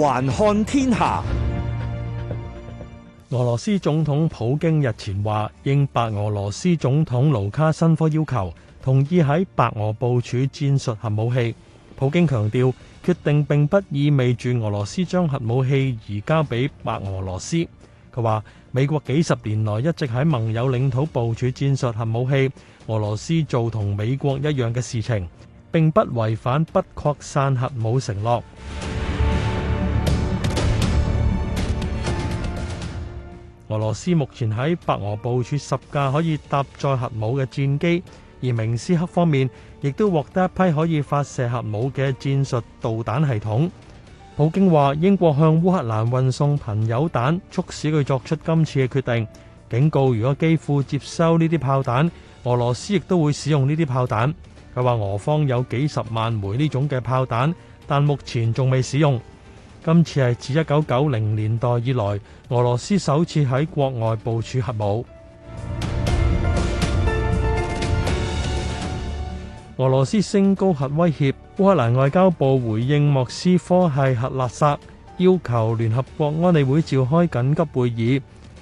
環看天下，俄羅斯總統普京日前話，應白俄羅斯總統盧卡申科要求，同意喺白俄部署戰術核武器。普京強調，決定並不意味住俄羅斯將核武器移交俾白俄羅斯。佢話，美國幾十年來一直喺盟友領土部署戰術核武器，俄羅斯做同美國一樣嘅事情，並不違反不擴散核武承諾。俄羅斯目前喺白俄部署十架可以搭載核武嘅戰機，而明斯克方面亦都獲得一批可以發射核武嘅戰術導彈系統。普京話：英國向烏克蘭運送貧鈾彈，促使佢作出今次嘅決定。警告：如果基輔接收呢啲炮彈，俄羅斯亦都會使用呢啲炮彈。佢話俄方有幾十萬枚呢種嘅炮彈，但目前仲未使用。今次係自一九九零年代以來，俄羅斯首次喺國外部署核武。俄羅斯升高核威脅，烏克蘭外交部回應莫斯科係核垃圾，要求聯合國安理會召開緊急會議。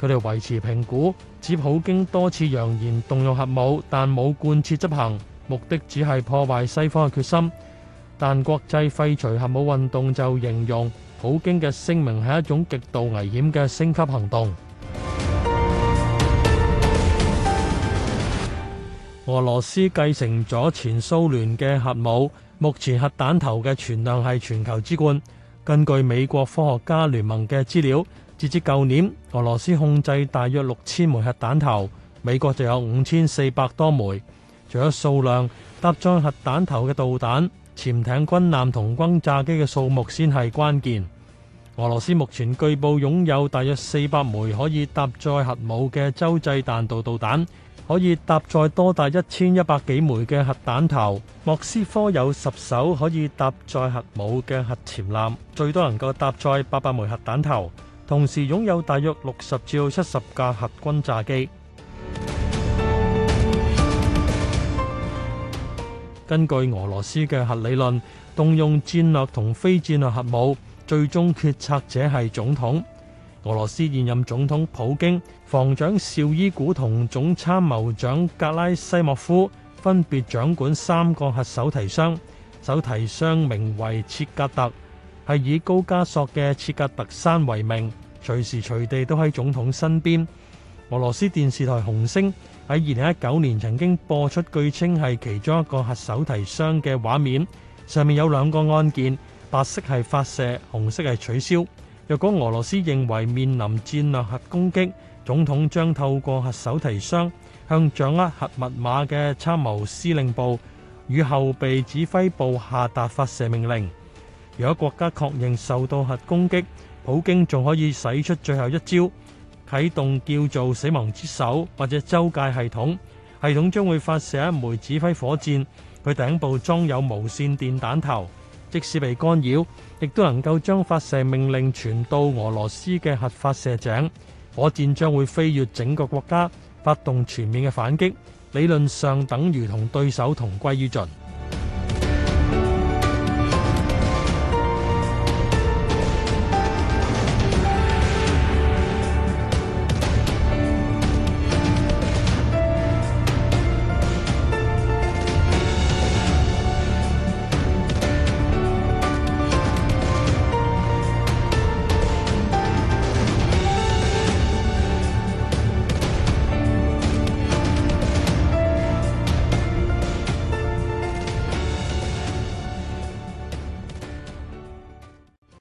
佢哋維持評估，指普京多次揚言動用核武，但冇貫徹執行，目的只係破壞西方嘅決心。但國際廢除核武運動就形容普京嘅聲明係一種極度危險嘅升級行動。俄羅斯繼承咗前蘇聯嘅核武，目前核彈頭嘅存量係全球之冠。根據美國科學家聯盟嘅資料，截至舊年，俄羅斯控制大約六千枚核彈頭，美國就有五千四百多枚。除咗數量，搭載核彈頭嘅導彈、潛艇、軍艦同轟炸機嘅數目先係關鍵。俄羅斯目前據報擁有大約四百枚可以搭載核武嘅洲際彈道導彈，可以搭載多達一千一百幾枚嘅核彈頭。莫斯科有十艘可以搭載核武嘅核潛艦，最多能夠搭載八百枚核彈頭。同時擁有大約六十至七十架核轟炸機。 根據俄羅斯嘅核理論，動用戰略同非戰略核武。最終決策者係總統。俄羅斯現任總統普京、防長紹伊古同總參謀長格拉西莫夫分別掌管三個核手提箱。手提箱名為切格特，係以高加索嘅切格特山為名，隨時隨地都喺總統身邊。俄羅斯電視台紅星喺二零一九年曾經播出據稱係其中一個核手提箱嘅畫面，上面有兩個按鍵。白色係發射，紅色係取消。若果俄羅斯認為面臨戰略核攻擊，總統將透過核手提箱向掌握核密碼嘅參謀司令部與後備指揮部下達發射命令。如果國家確認受到核攻擊，普京仲可以使出最後一招，啟動叫做死亡之手或者周界系統。系統將會發射一枚指揮火箭，佢頂部裝有無線電彈頭。即使被干擾，亦都能夠將發射命令傳到俄羅斯嘅核發射井，火箭將會飛越整個國家，發動全面嘅反擊，理論上等於同對手同歸於盡。